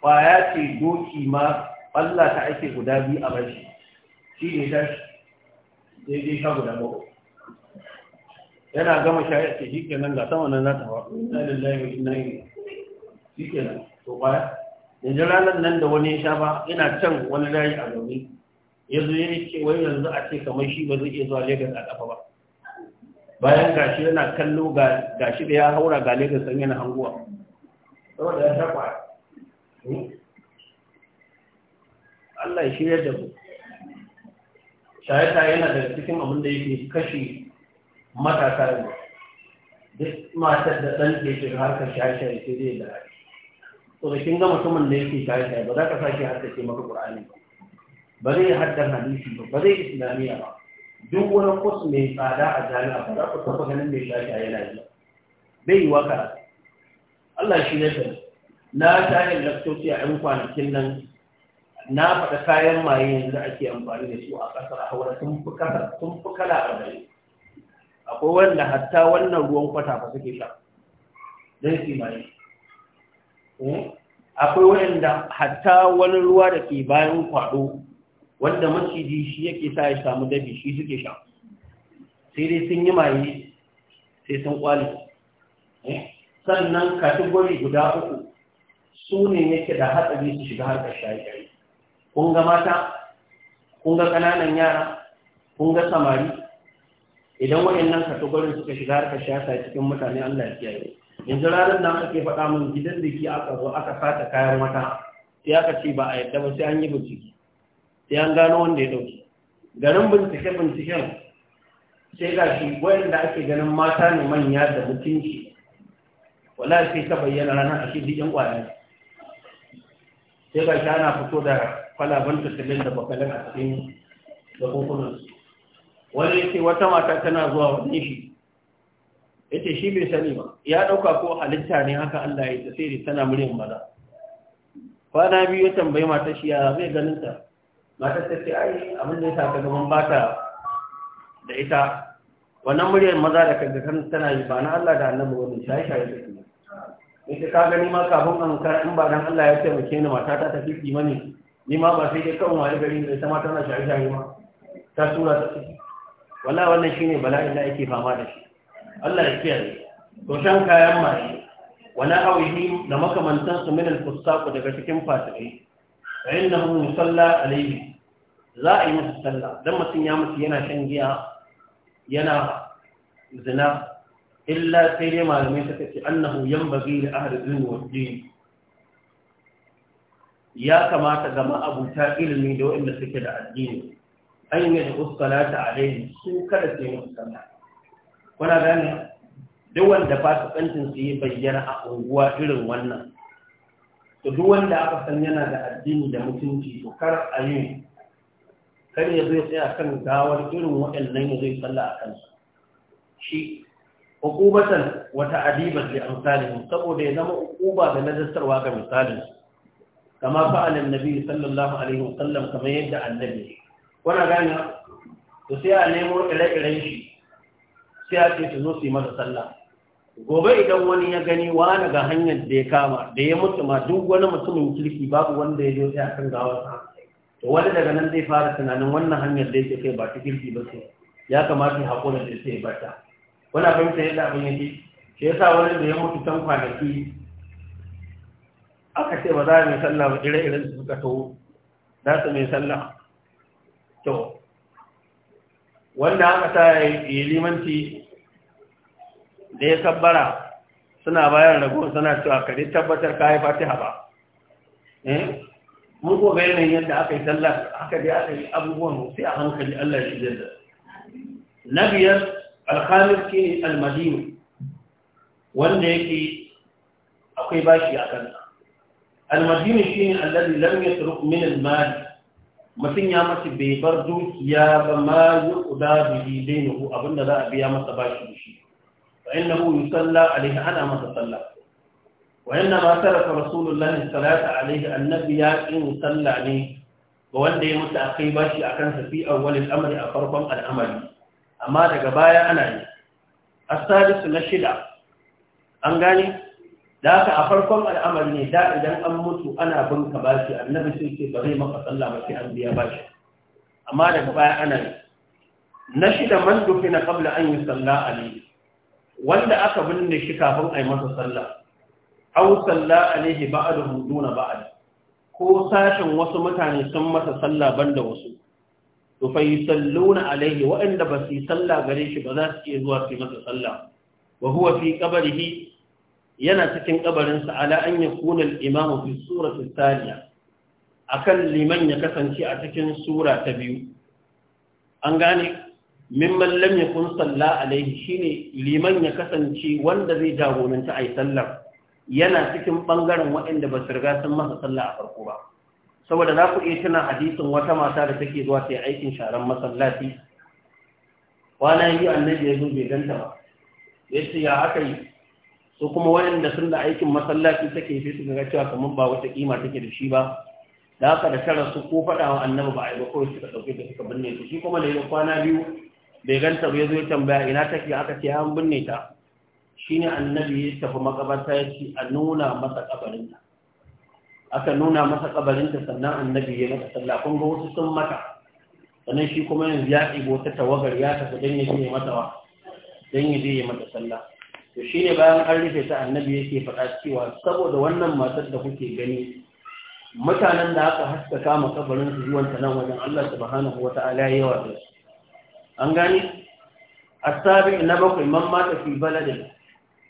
S1: ƙwaya ce doki ma ɓalla ta ake guda biyu a bashi shi ne tashi daidai sha guda bakwai yana gama shayar ce shi kenan ga sama nan zata ta na ina lillahi wa inna ilaihi shi kenan to baya yanzu ranar nan da wani ya sha ba ina can wani layi a gauni ya zo ya ce wai yanzu a ce kamar shi ba zai iya zuwa Legas a kafa ba bayan gashi yana kallo gashi da ya haura ga Lagos ɗan yana hanguwa saboda ya shafa. Allah ya shirya da mu shaye yana daga cikin abin da yake kashi matasa ne duk matar da ɗan ke shiga harkar shaye-shaye sai zai da rai to da kin ga mutumin da yake shaye-shaye ba za ka sake haddace maka qurani ba Ba zai haddar hadisi ba ba zai islamiyya ba duk wani kwas mai tsada a jami'a ba za ku taɓa ganin mai shaye-shaye yana yi bai yi waka Allah shi ya sai na tayin lakcoci a 'yan kwanakin nan na faɗa kayan maye yanzu ake amfani da su a ƙasar a haura sun fi kala a arba'in akwai wanda hatta wannan ruwan kwata ba suke sha don su bayan eh? akwai wanda hatta wani ruwa da ke bayan kwado wanda maciji shi yake sa ya samu dabi shi suke sha sai dai sun yi maye sai sun kwale eh? sannan kategori guda uku su ne yake da hatsari su shiga harkar shayi kun ga mata kun ga ƙananan yara kun ga samari idan waɗannan kategorin suka shiga harka siyasa cikin mutane Allah ya kiyaye yanzu ranar da ake faɗa min gidan da ke aka zo aka sata kayan wata sai aka ce ba a yadda ba sai an yi bincike sai an gano wanda ya ɗauki garin bincike binciken sai ga shi wayanda ake ganin mata ne manya da mutunci wala sai ta bayyana ranar a shi jikin ƙwayar sai ga shi ana fito da kwalaban tattalin da bakalin a cikin da wani yake wata mata tana zuwa wani shi ce shi bai sani ba ya dauka ko halitta ne haka Allah ya yi tasiri tana muryan maza kwana biyu ya tambayi mata shi ya zai ganin ta matar ta ce ai abin da ya saka gaban bata da ita wannan muryar maza da kaga kan tana yi ba na Allah da Annabi wani shaye shaye take Ya ce ka gani ma kafin an kara in ba dan Allah ya ce muke ni mata ta tafi kimani ni ma ba sai dai kan wani gari ne ita ma tana shaye shaye ma ta tura ta ce. wala wannan shine bala'in da yake fama da shi Allah ya kiyaye to shan kayan maye wala awihi da makamantan su min al-fusaq daga cikin fasikai fa innahu yusalla alayhi za a yi musu sallah dan mutun ya mutu yana shan giya yana zina illa sai dai malamai suka ce annahu yanbaghi li ahli dunya wa ya kamata ga abuta ilimi da waɗanda suke da addini an yi da uskalata a laihi su kada su yi kuna gane duk wanda fasikancin su yi bayyana a unguwa irin wannan to duk wanda aka san yana da addini da mutunci to kar a yi kar ya zai tsaya kan gawar irin waɗannan ya zai tsalla a kansu shi hukumatan wata adibar da amsalin saboda ya zama hukuma da nazartarwa ga misalin kama fa'alin nabi sallallahu alaihi wasallam kamar yadda annabi Wana gane to sai a nemo ire-iren shi sai a ce su zo su yi masa sallah gobe idan wani ya gani wani ga hanyar da ya kama da ya mutu ma duk wani mutumin kirki babu wanda ya zo sai akan gawar to wani daga nan zai fara tunanin wannan hanyar da yake kai ba ta kirki ba sai ya kamata ya haƙura da sai bata wani abin ta yadda abin yake shi yasa wani da ya mutu can kwanaki aka ce ba za a mai sallah ba ire-iren su suka taho za su mai sallah to wanda aka ta yi limanci da ya tabbara suna bayan rago suna cewa kare tabbatar ka yi fatiha ba eh? mun ko ga yanayin yadda aka yi sallar aka dai aka yi abubuwan sai a hankali Allah ya jalla na biyar alhamis ke almadini wanda yake akwai bashi a kansa almadini shi ne allazi lam yatruk min almali mutum ya mace bai bar dukiya ba ma yi ƙuda bihi dainahu abinda za a biya masa bashi da shi fa innahu yusalla alaihi ana masa sallah wa inna ma taraka rasulullahi salata alaihi annabi ya in sallah ne ga wanda ya mutu akai bashi akan sa a awwalil amri a farkon al'amari amma daga baya ana ne A na shida an gane da haka a farkon al'amari ne da idan an mutu ana bunka ka bashi annabi sun ce ba zai maka sallah ba sai an biya bashi amma daga baya ana yi na shida man dufina kabla an yi a alayhi wanda aka binne shi kafin a yi masa sallah aw sallah alayhi ba'dahu duna ba'd ko sashin wasu mutane sun masa sallah banda wasu to fa yusalluna alayhi wa inda ba su yi sallah gare shi ba za su iya zuwa su yi masa sallah wa huwa fi qabrihi yana cikin kabarinsa ala an ya kuna imamu fi sura tattaliya a kan liman ya kasance a cikin sura ta biyu an gane mimman lam kun salla alaihi shine liman ya kasance wanda zai jagoranta a yi sallar yana cikin ɓangaren waɗanda ba su riga sun masa sallar a farko ba saboda za ku iya tuna hadisin wata mata da take zuwa ta aikin sharan masallaci kwana yi annabi ya zo bai ganta ba ya ce ya aka yi su kuma waɗanda sun da aikin masallaci take sai su ga cewa kamar ba wata kima take da shi ba da haka da tara su ko fada wa annabi ba a yi ba kawai suka dauke da suka binne su? shi kuma da yi kwana biyu bai ganta ya zo ya tambaya ina take aka ce an binne ta shine annabi ya tafi makabarta ya ce a nuna masa kabarinta aka nuna masa kabarinta sannan annabi ya mata sallah kun ga wasu sun mata sannan shi kuma yanzu ya ɗigo ta tawagar ya tafi don ya je mata wa don ya je ya mata sallah to ne bayan an rufe ta annabi yake faɗa cewa saboda wannan matar da kuke gani mutanen da aka haskaka ma kabarin su zuwan nan wajen Allah subhanahu wata'ala yawa da su an gani asabi na bakwai man mata fi baladin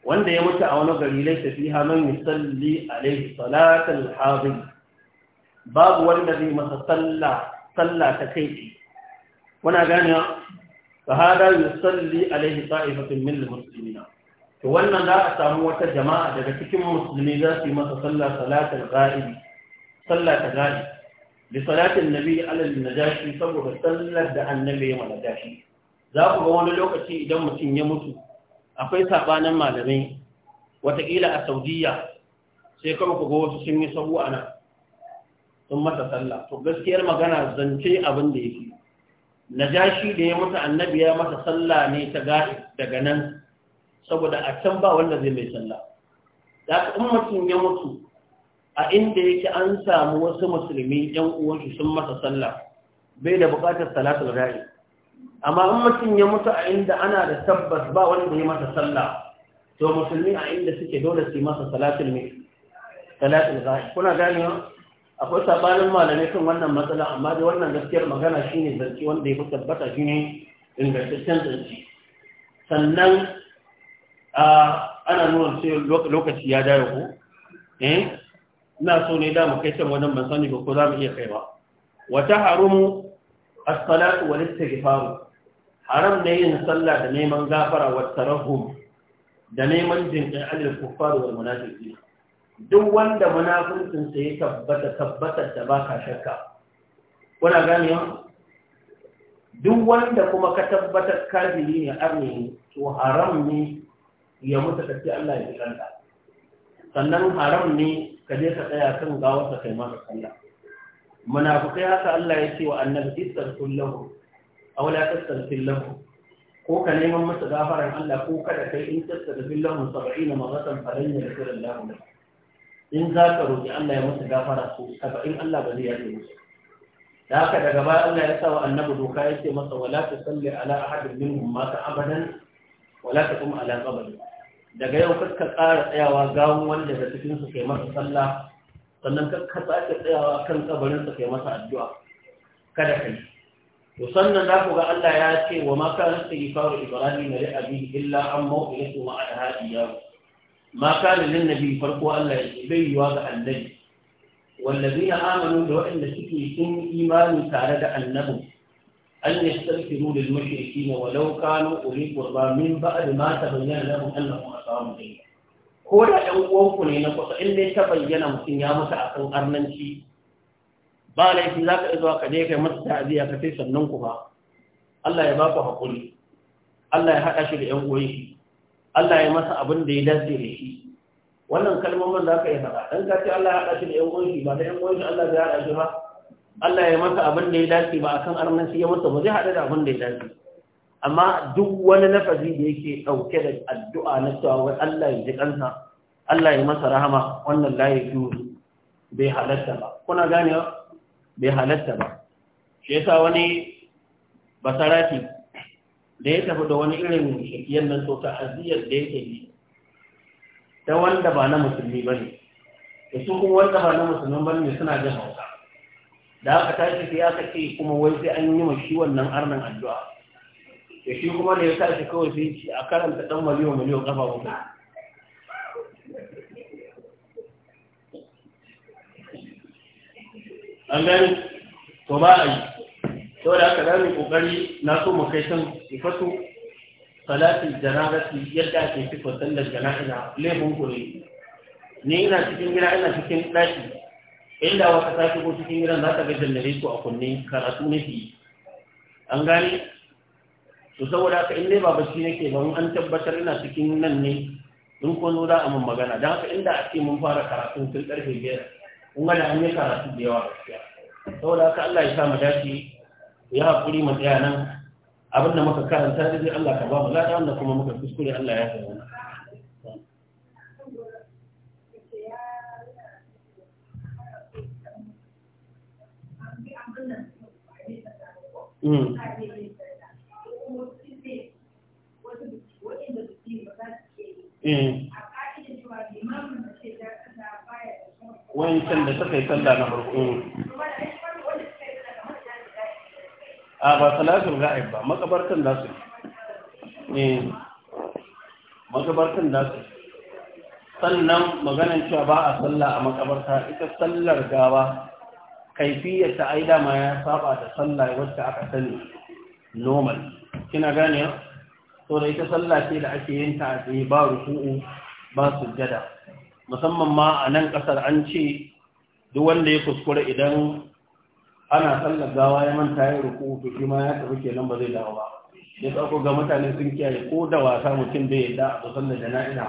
S1: wanda ya mutu a wani gari ta fi hannun yusalli alaihi salatul hadin babu wanda zai masa sallah sallah ta kai wana gani fa hada yusalli alaihi ta'ifatun min muslimina to wannan za a samu wata jama'a daga cikin musulmi za su yi masa sallah salatul ghaibi sallah ta ghaibi li salatin nabi alal najashi saboda sallar da annabi ya malajashi za ku ga wani lokaci idan mutum ya mutu akwai sabanin malamai wataƙila a saudiya sai kawai ku ga wasu sun yi sahu a nan sun masa sallah to gaskiyar magana zance abin da yake najashi da ya mutu annabi ya masa sallah ne ta ga'i daga nan saboda a can ba wanda zai mai sallah da in mutum ya mutu a inda yake an samu wasu musulmi yan uwansu sun masa sallah bai da bukatar salatul ra'i amma in mutum ya mutu a inda ana da tabbas ba wanda ya masa sallah to musulmi a inda suke dole su masa salatul mai salatul ra'i kuna gani akwai sabanin malamai kan wannan matsala amma dai wannan gaskiyar magana shine zance wanda ya fi tabbata shine ingantaccen zance sannan ana nuna sai lokaci ya dawo ko eh ina so ne da mu kai can wajen ban sani ba ko za mu iya kai ba. wa taharumu as-salatu wal istighfar haram ne yin sallah da neman gafara wa tarahum da neman jinkai alil kuffar wal munafiqin duk wanda munafiqin sa ya tabbata tabbata da ka shakka kuna gane duk wanda kuma ka tabbatar kafiri ne arni to haram ne ya mutu ka ce Allah ya ji kanta sannan haram ne ka je ka tsaya kan gawar ka kai masa sallah munafikai haka Allah ya ce wa annabi istaghfir lahu aw la tastaghfir lahu ko ka neman masa gafaran Allah ko kada kai in tastaghfir lahu 70 maratan falan yaghfir Allah lahu in za ka roƙi Allah ya masa gafara su saba'in Allah ba zai yaje musu da haka daga baya Allah ya sa wa annabi doka ya ce masa wala ta salli ala ahadin minhum mata abadan wala ta kuma ala kabari daga yau kakka tsara tsayawa gawon wanda da cikin su kai masa sallah sannan kakka sake tsayawa kan kabarin su kai masa addu'a kada ka yi to sannan za ku ga Allah ya ce wa ma kana istighfaru ibrahim li abihi illa an mawqilatu ma ala hadiya ma kana lin nabi farko Allah ya ce bai yiwa ga annabi wallazina amanu da waɗanda suke sun imani tare da annabi أن يستغفروا للمشركين ولو كانوا أولي قربى من بعد ما تبين لهم أنهم أصابوا دينا ko da ɗan uwanku ne na kusa in dai ta bayyana mutum ya mutu a kan arnanci ba laifi za ka zuwa ka je kai masa ta'aziyya ka sai sannan ku ba Allah ya ba haƙuri Allah ya haɗa shi da Allah ya masa abin da ya dace da shi wannan kalmomin za ka yi faɗa dan ka ce Allah ya haɗa shi da ƴan uwan shi ba da ƴan uwan shi Allah ya haɗa shi ba Allah ya masa abin da ya dace ba akan arnan sai ya masa ba zai hada da abin da ya dace amma duk wani lafazi da yake dauke da addu'a na cewa Allah ya ji kansa Allah ya masa rahama wannan layi ju bai halatta ba kuna gane bai halatta ba shi yasa wani basarati da ya tafi da wani irin shakiyar nan to ta aziyar da yake yi ta wanda ba na musulmi ba ne da su kuma wanda ba na musulmi ba suna jin hausa da aka tashi sai aka ce kuma wai sai an yi mashi wannan arnan addu'a da shi kuma da ya tashi kawai sai ci a karanta dan miliyon miliyon kafa hudu an gani to ba a yi da aka zami kokari na so mu kai san sifatu salatin jana'ati yadda ake sifar sallar jana'iza laifin kuri ni ina cikin gina ina cikin ɗaki inda wata ta shigo cikin gidan za ta ga ko a kunne karatu shi, an gane to saboda haka in dai ba bashi yake ba an tabbatar ina cikin nan ne in ko zo za a mun magana don haka inda a ce mun fara karatu tun karfe biyar kun gane an yi karatu da yawa gaskiya saboda haka Allah ya sa mu dace ya hakuri mu tsaya nan abin muka karanta da Allah ka ba mu lada wanda kuma muka kuskure Allah ya sa Mm. Mm. wancan da suka yi sallah na farko mm. a ba salatul ga'ib ba makabartan da su ne makabartan da su sannan maganin cewa ba a sallah a makabarta ita sallar gaba. kaifiyarta ai ma ya saba da sallah wacce aka sani normal kina gane to da ita sallah ce da ake yin ta a tsaye ba ruku'u ba sujjada musamman ma a nan kasar an ce duk wanda ya kuskura idan ana sallar gawa ya manta ya ruku'u to shi ma ya tafi kenan ba zai dawo ba ya tsako ga mutane sun kiyaye ko da wasa mutum bai yadda a sallar jana'iza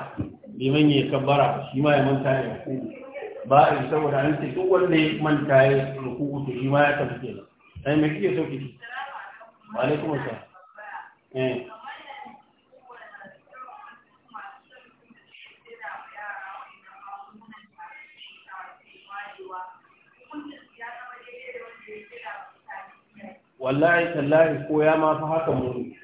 S1: liman ya kabbara shi ma ya manta ya ruku'u ba a yi saboda an ce duk wanda ya manta ya ruku uku shi ma ya tafi nan ɗaya eh, mai kike sauki kike ba ne kuma sa eh. wallahi tallahi ko ya ma fi haka muni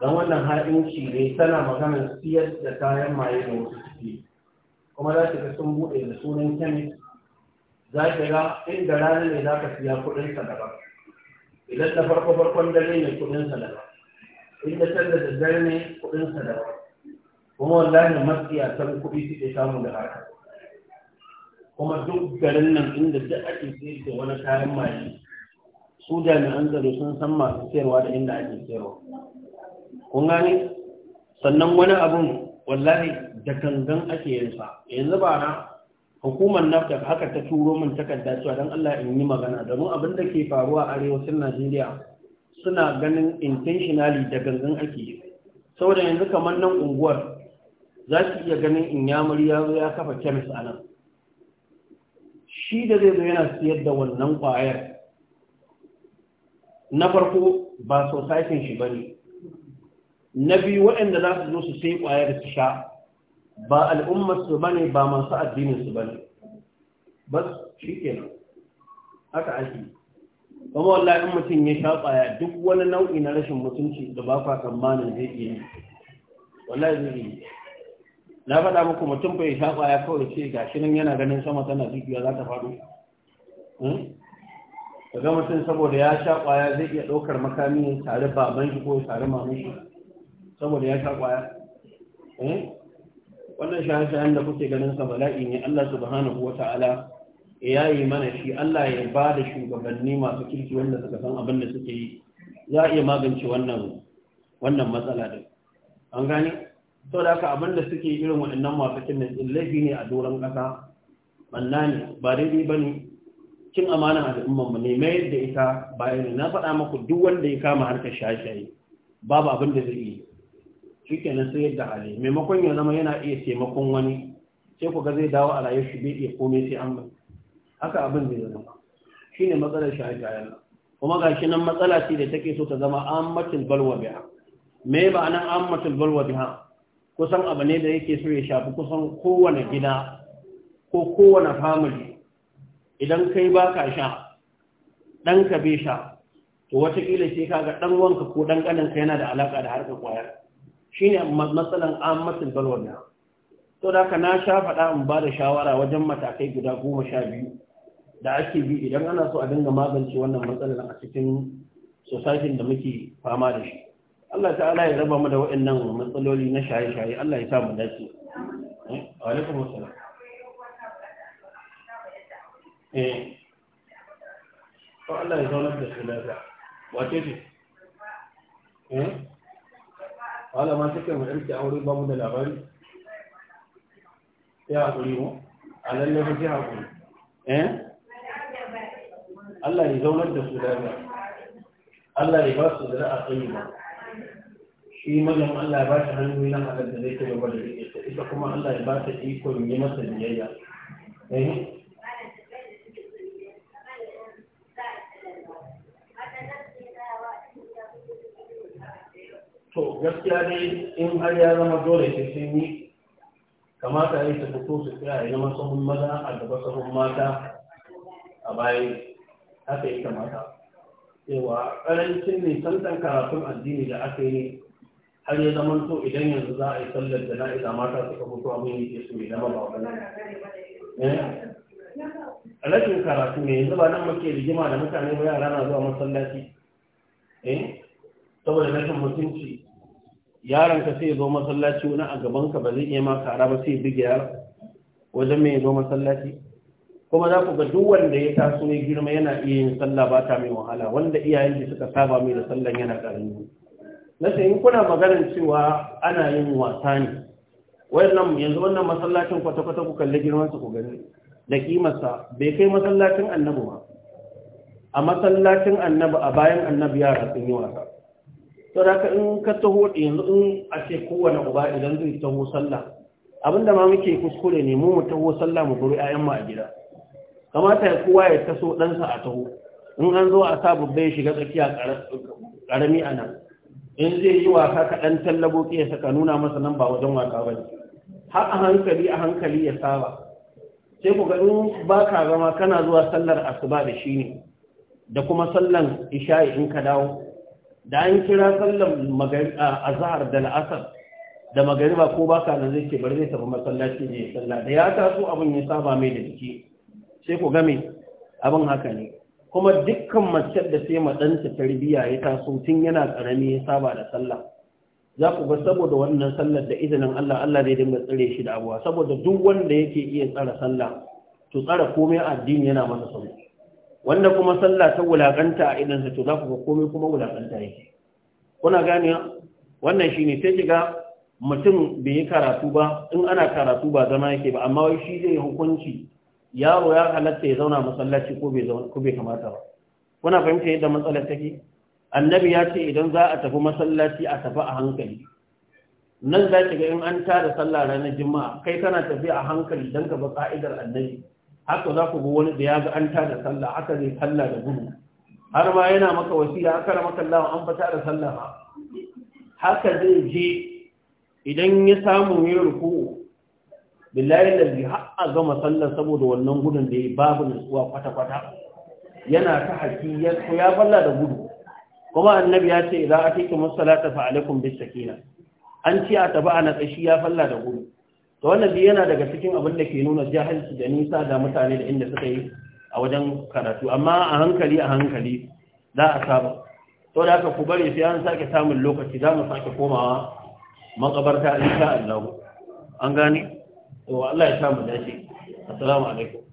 S1: don wannan haɗin shi ne tana magana siyar da kayan maye da wasu suke kuma za ki ga sun buɗe da sunan kemis za ka ga inda rana ne za ka siya kuɗin sa daban idan da farko farkon dare ne kuɗin sa daban inda can da daddare ne kuɗin sa daban kuma wallahi matsiya san kuɗi suke samu da haka kuma duk garin nan inda duk ake sayar da wani kayan maye su jami'an tsaro sun san masu sayarwa da inda ake sayarwa kun gane sannan wani abun wallahi da gangan ake yin sa yanzu ba na hukumar nafta haka ta turo min takarda cewa dan Allah in yi magana domin abin da ke faruwa a arewacin Najeriya suna ganin intentionally da gangan ake yi saboda yanzu kamar nan unguwar za su iya ganin in ya zo ya kafa kemis a nan shi da zai zo yana siyar da wannan kwayar na farko ba society shi ba ne na biyu waɗanda za su zo su sai ƙwayar su sha ba al'ummarsu ba ne ba masu addininsu ba ne ba shi ke nan haka ake kuma wallahi in mutum ya sha ƙwaya duk wani nau'i na rashin mutunci da ba kwa tsammanin zai iya wallahi zai iya na faɗa muku mutum bai sha ƙwaya kawai ce ga shi nan yana ganin sama tana dukiya za ta faɗo hmm? ga mutum saboda ya sha ƙwaya zai iya ɗaukar makami tare ba man shi ko tare mamun shi saboda ya sha kwaya eh? wannan shahararren da kuke ganin sa bala'i ne Allah subhanahu wa ta'ala ya yi mana shi Allah ya ba da shugabanni masu kirki wanda suka san abin da suke yi za a iya magance wannan wannan matsala din an gani sau da haka abin da suke irin waɗannan masu kinnan laifi ne a doron ƙasa manna ne ba daidai ba ne cin amana a al'ummar mu ne mai da ita bayan na faɗa maku duk wanda ya kama harkar shaye-shaye babu abin da zai yi shi kenan sai yadda hali maimakon ya zama yana iya taimakon wani sai ku ga zai dawo a rayuwar shi bai iya komai sai an bai haka abin zai zama ne matsalar yana kuma ga shi nan matsala ce da take so ta zama ammatin balwa biha me ba nan ammatin balwa biha kusan abu ne da yake so ya shafi kusan kowane gida ko kowane famili? idan kai ba ka sha ɗanka bai sha to watakila sai ga ɗan wanka ko ɗan ka yana da alaƙa da harkar ƙwayar shine matsalan balwar da to da ka na sha faɗa in ba da shawara wajen matakai guda goma sha biyu da ake bi idan ana so a dinga magance wannan matsalar a cikin sosajin da muke fama da shi Allah ta'ala ya raba mu da wa'annan matsaloli na shaye-shaye Allah ya sa mu dace eh, alaikum assalam eh to Allah ya zauna da shi lafiya wace ce eh wala ma take mu ɗarki aure ba mu da labari ya haƙuri mu a lalle ba sai eh Allah ya zaunar da su daga Allah ya ba su da ra'a tsayi ba
S2: shi mazan Allah ya ba shi hannu na halar da zai ke gaba da ita kuma Allah ya ba ta iko yi masa biyayya
S1: eh to gaskiya dai in har ya zama dole sai sun yi kamata ya ta fito su tsaya ya zama sahun maza a gaba sahun mata a bayan haka yi kamata cewa ƙarancin santan karatun addini da aka yi har ya zama to idan yanzu za a yi sallar da jana'iza mata suka fito abin yake su mai zama ba wani eh? rashin karatu ne yanzu ba nan muke rigima da mutane ba yara na zuwa masallaci eh saboda rashin mutunci yaron ka sai zo masallaci wani a gaban ka ba zai iya ma kara ba sai bige yaro wajen mai zo masallaci kuma za ku ga duk wanda ya taso ya girma yana iya yin sallah ba ta mai wahala wanda iyayen shi suka saba mai da sallan yana karami na sai in kuna maganar cewa ana yin wasa ne wannan yanzu wannan masallacin kwata-kwata ku kalli girman su ku gani da kimarsa bai kai masallacin annabi ba a masallacin annabi a bayan annabi yara sun yi wasa saboda in ka taho yanzu in a ce kowane uba idan zai taho sallah abinda ma muke kuskure ne mu mu taho sallah mu buru 'ya'yan mu a gida kamata ya kowa ya taso ɗansa a taho in an zo a sa babba ya shiga tsakiya ƙarami a nan in zai yi wasa kaɗan tallabo ya saka nuna masa nan ba wajen wasa ba ha a hankali a hankali ya saba sai ku ga in ba ka zama kana zuwa sallar asuba da shi ne da kuma sallan isha'i in ka dawo da an kira sallan azhar da al'asar da magariba ko baka nan zai ke bari zai tafi masallaci ne ya sallah da ya taso abin ya saba mai da jiki sai ku game abin haka ne kuma dukkan mace da sai ɗanta tarbiyya ya taso tun yana karami ya saba da sallah za ku ga saboda wannan sallar da izinin Allah Allah zai dinga tsire shi da abuwa saboda duk wanda yake iya tsara sallah to tsara komai addini yana masa sauki wanda kuma sallah ta wulakanta a idansa to za ku ga komai kuma wulaƙanta yake kuna gane wannan shine sai kiga mutum bai yi karatu ba in ana karatu ba zama yake ba amma wai shi zai hukunci yaro ya halatta ya zauna masallaci ko bai zauna ko bai kamata ba kuna fahimta yadda matsalar take annabi ya ce idan za a tafi masallaci a tafi a hankali nan za ki ga in an tada sallah ranar juma'a kai kana tafi a hankali dan ka ba ka'idar annabi haka za ku ga wani da ya ga an tada sallah haka zai falla da gudu har ma yana maka wasiya haka da makallawa an fata da sallah haka zai je idan ya samu ya ruku billahi lalli har a gama sallah saboda wannan gudun da ya babu nutsuwa kwata-kwata yana ta haƙi ya falla da gudu kuma annabi ya ce idan masu salata fa alaikum bis an ce a taba a kashi ya falla da gudu to wannan dai yana daga cikin abin da ke nuna jahilci da nisa da mutane da inda suka yi a wajen karatu amma a hankali a hankali za a saba to da haka ku bari sai an sake samun lokaci za mu sake komawa makabarta insha allahu an gane to Allah ya samu dace assalamu alaikum